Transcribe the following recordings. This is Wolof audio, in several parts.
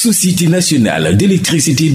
société nationale d'électricité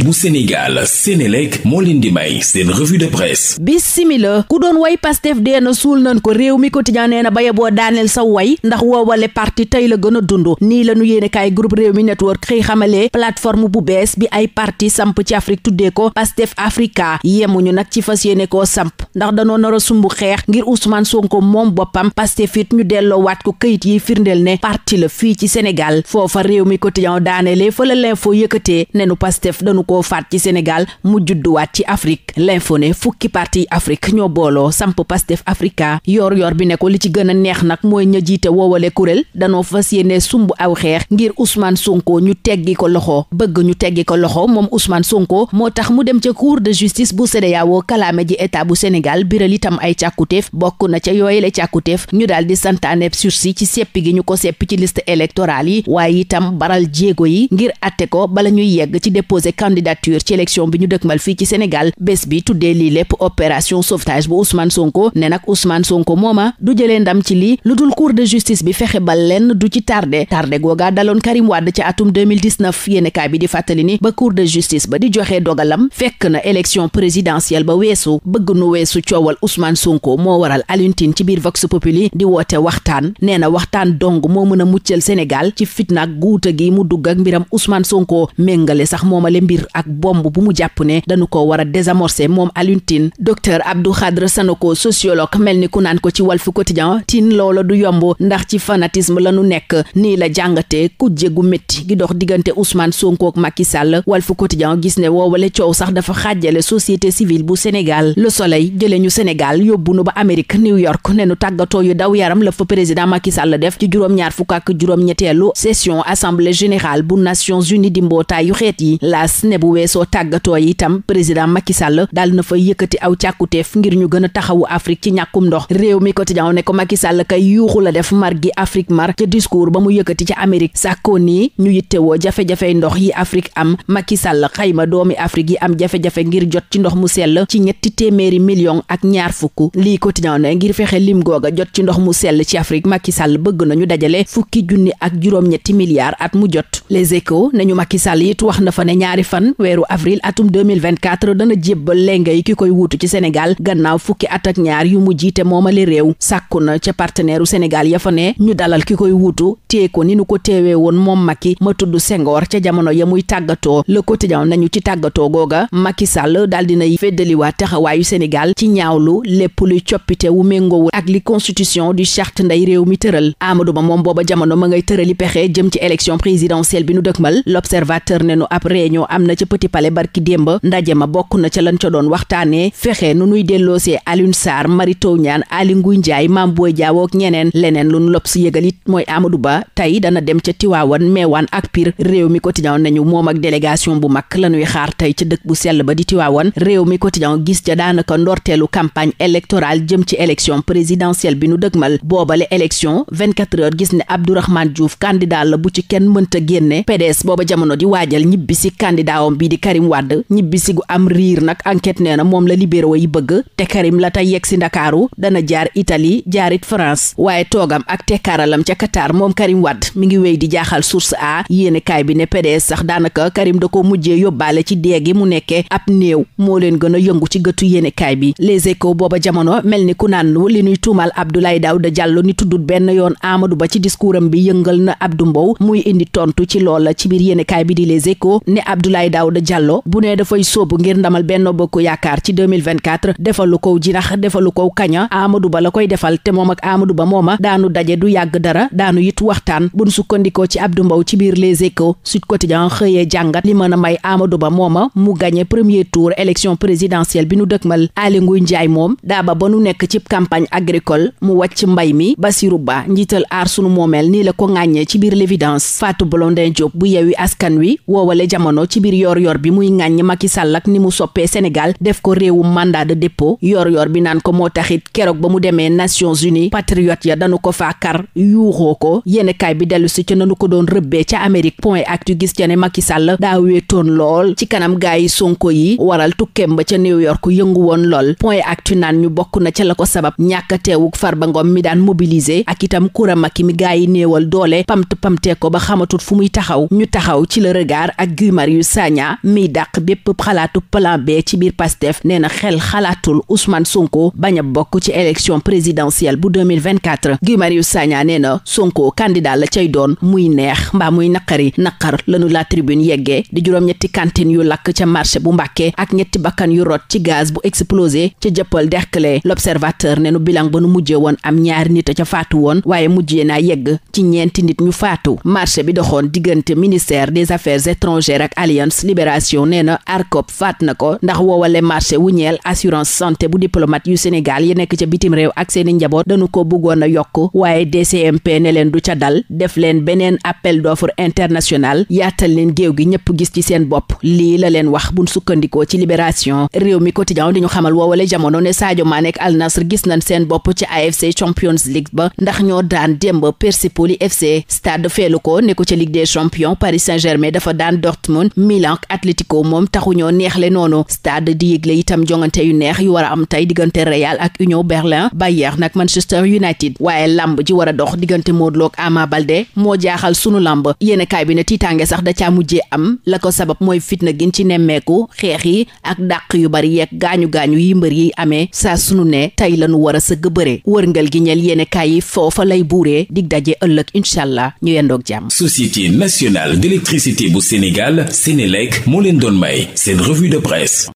ku doon way Pastef dee na suul nañ ko réew mi quotidien nee na baye boo daaneel sa way ndax woowale parti tey la gën a dund nii la ñu yéene kaay groupe réew mi network xëy xamalee plateforme bu bees bi ay parti samp ci Afrique tuddee ko Pastef Africa yemuñu nag ci fas yéene ko samp ndax danoo nar a sumb xeex ngir Ousmane ko moom boppam Pastef it ñu delloo waat ko kayit yi firndeel ne parti la fii ci Sénégal foofa réew mi quotidien daanelee l'info yëkkatee nenu pastef danu koo faat ci sénégal mu judduwaat ci afrique l'info ne fukki parti afrique ñoo booloo samp pastef africa yor yor bi ne ko li ci gën a neex nag mooy ña jiite woowale kuréel danoo fas yéene sumb aw xeex ngir ousmane sonko ñu teggi ko loxo bëgg ñu teggi ko loxo moom ousmane sonko moo tax mu dem ca cour de justice bu CEDEAO kalaame ji état bu sénégal biral itam ay càkkutéef bokk na ca yooyele càkkutéef ñu daal di santaane sursis ci seppi gi ñu ko seppi ci liste électorale yi atte ko bala ñuy yegg ci déposer candidature ci élection bi ñu mal fii ci Sénégal bés bi tuddee lii lépp opération sauvetage bu Ousmane Sonko ne nag Ousmane Sonko mooma du jëlee ndam ci lii lu dul cour de justice bi fexe ba lenn du ci tarde tardé googa daloon Karim Wade ci atum 2019 yéenekaay bi di fàttali ni ba cour de justice ba di joxe dogalam fekk na élection présidentielle ba weesu bëgg nu weesu coowal Ousmane Sonko moo waral Alioune ci biir Vox Populi di woote waxtaan nee na waxtaan dong moo mën a muccal Sénégal ci fitna ak gi mu dugg ak Ousmane Sonko méngale sax moomale mbir ak bomb bu mu jàpp ne dañu ko war a désamorcer moom Alioune Tine docteur Abdou Khadre Sanoko sociologue mel ni ku naan ko ci wal fu Walf Quotidien Tine loola du yomb ndax ci fanatisme la nu nekk nii la jàngatee ku jégu métti gi dox diggante Ousmane Sonko ak wal fu Walf Quotidien gis ne woowale coow sax dafa xaajale société civile bu Sénégal la Soleil jële ñu Sénégal yóbbu nu ba Amérique New York ne nu tàggatoo yu daw yaram la fa président Macky def ci juróom-ñaar fukk ak juróom-ñetteelu session assemblée générale bu Nations di di yu xeet yi laas ne bu weesoo tàggatoo itam président Macky Sall daal na fay yëkkati aw càkkuteef ngir ñu gën a taxawu Afrique ci ñàkkum ndox réew mi quotidien ne ko Macky Sall kay yuuxu def mar gi Afrique mar ca discours ba mu yëkkati ca Amérique sàkkoo nii ñu yittewoo jafe-jafey ndox yi Afrique am Macky Sall xayma doomi Afrique yi am jafe-jafe ngir jot ci ndox mu sell ci ñetti téeméeri million ak ñaar fukk lii quotidien ne ngir fexe lim googa jot ci ndox mu sell ci Afrique Macky Sall bëgg nañu dajale fukki junni ak juróom-ñetti milliards at mu jot les échos nañu Macky Sall it wax na fa ne ñaari fan weeru avril atum 2024 dana jébbal lenga yi ki koy wuutu ci Sénégal gannaaw fukki at ak ñaar yu mu jiite moomale réew sàkku na ca partenaire Sénégal ya fa ne ñu dalal ki koy wuutu téye ko ni nu ko teewee woon moom Macky ma tudd sengoor ca jamono ya muy tàggatoo la Le Quotidien nañu ci tàggatoo googa Macky Sall daal dinay feddaliwaat taxawaayu Sénégal ci ñaawlu lépp luy coppite wu méngowul ak li constitution di charte nday réew mi tëral Amadou Ba jamono ma ngay tërali pexe jëm ci élection présidentielle bi nu dëkmal l'observateur ne nu ab réunion am na ca Petit Palais barki démb ndaje ma bokk na ca lan ca doon waxtaanee fexe nu nuy delloosee Alioune Sarr Mary Teuw Niane Aly Ngouille Ndiaye Mame Boye Diao ak ñeneen leneen lu nu L'Obs yëgal it mooy Amadou Ba tey dana dem ca Tiwaawan Meewaan ak Pire réew mi quotidien nañu moom ak délégation bu mag la ñuy xaar tey ca dëkk bu sell ba di Tiwaawan réew mi quotidien gis ca daanaka ndorteelu campagne électorale jëm ci élection présidentielle bi nu dëgmal boobale élection 24 heures gis ne Abdourahmane Diouf candidat la bu ci kenn mënta génne PDS booba jamono di waajal ñibbi si kandidaawam bii di Karim Wade ñibbi si gu am riir nag enquête nee moom la libéraux yi bëgg te Karim la tey yegg si Ndakaaru dana jaar Italie jaarit France waaye toogam ak tekkaaralam ca Qatar moom Karim wadd mi ngi wey di jaaxal source a yéene kaay bi ne PDS sax daanaka Karim da ko mujjee yóbbaale ci deegi mu nekkee ab néew moo leen gën a yëngu ci gëtu yéene kaay bi Les Échos booba jamono mel ni ku naan li ñuy tuumal Abdoulaye Daouda Diallo ni tuddut benn yoon Amadou Ba bi yëngal biir yéenekaay bi di Les Échos ne Abdoulaye Daouda Diallo bu ne dafay sóobu ngir ndamal Benno Bokk Yaakaar ci 2024 defalu kow jinax defalu kow kaña Amadou Ba la koy defal te moom ak Amadou Ba mooma daanu daje du yàgg dara daanu it waxtaan buñ sukkandikoo ci Abdou mbaw ci biir Les Échos Sud Quotidien xëyee jàngat li mën a may Amadou Ba mooma mu gagné premier tour élection présidentielle bi nu dëkmal Aly nguy njaay moom daa ba ba nu nekk ci campagne agricole mu wàcc mbay mi Bassirou Ba njiital aar sunu moomeel nii la ko ci biir l'évidence Fatou yeewi askan wi woowale jamono ci biir yor yor bi muy ŋàññ Macky Sall ak ni mu soppee Sénégal def ko réewu mandat de dépôt yor yor bi naan ko moo taxit keroog ba mu demee Nations Unies patriote ya dañu ko faa kar yuuxoo ko yéen bi dellu si ca nanu ko doon rëbbee ca Amérique point actu gis ca ne Macky Sall daa wéetoon lool ci kanam gaay yi Sonko yi waral tukkeem ba ca New York yëngu woon lool point actu naan ñu bokk na ca la ko sabab ñàkk far ba ngoom mi daan mobiliser ak itam kura Macky mi gaay yi néewal doole pamt pamtee ko ba xamatut fu muy taxaw taxaw ci le regard ak Guy Marius Sagna mi dàq bépp xalaatu plan B ci biir Pastef nee na xel xalaatul Ousmane Sonko bañ a bokk ci élection présidentielle bu 2024 Guy Marius Sagna nee na Sonko candidat la cay doon muy neex mbaa muy naqari naqar lanu la tribune yeggee di juróom-ñetti cantine yu lakk ca marché bu mbàkkee ak ñetti bakkan yu rot ci gaz bu explosé ca jëppal derkle l'observateur ne nu bilan ba nu mujjee woon am ñaari nit a ca faatu woon waaye ministère des affaires étrangères ak alliance libération nee na arcop faat na ko ndax woowale marché wu ñeel assurance santé bu diplomate yu sénégal yi nekk ca bitim réew ak seeni njaboot dañu ko bëggoon a yokk waaye dcmp ne leen du ca dal def leen beneen appel d'offre international yaatal leen géew gi ñëpp gis ci seen bopp lii la leen wax buñ sukkandikoo ci libération réew mi quotidien di ñu xamal woowale jamono ne Sadio Mané ak Al Nassr gis nañ seen bopp ci AFC Champions League ba ndax ñoo daan démb Persipoli FC stade Paris Saint-Germain dafa daan Dortmund Milan ak Atlético moom taxuñoo neex le noonu stade di yëgle itam jongante yu neex yu war a am tey diggante Real ak Union Berlin Bayern nag Manchester United waaye làmb ji war a dox diggante Modou Lo ak Ama Baldé moo jaaxal sunu làmb yéen kaay bi ne tiitaange sax da caa mujjee am la ko sabab mooy fitna gin ci nemmeeku xeex yi ak dàq yu bari yeeg gaañu-gaañu yi mbër yi amee sa sunu ne tey lañu war a sëgg bëre wërngal gi ñeel yéen yi foofa lay buuree dig daje ëllëg incha allah d'électricité bu Sénégal Sénélec moo leen doon may seen revue de presse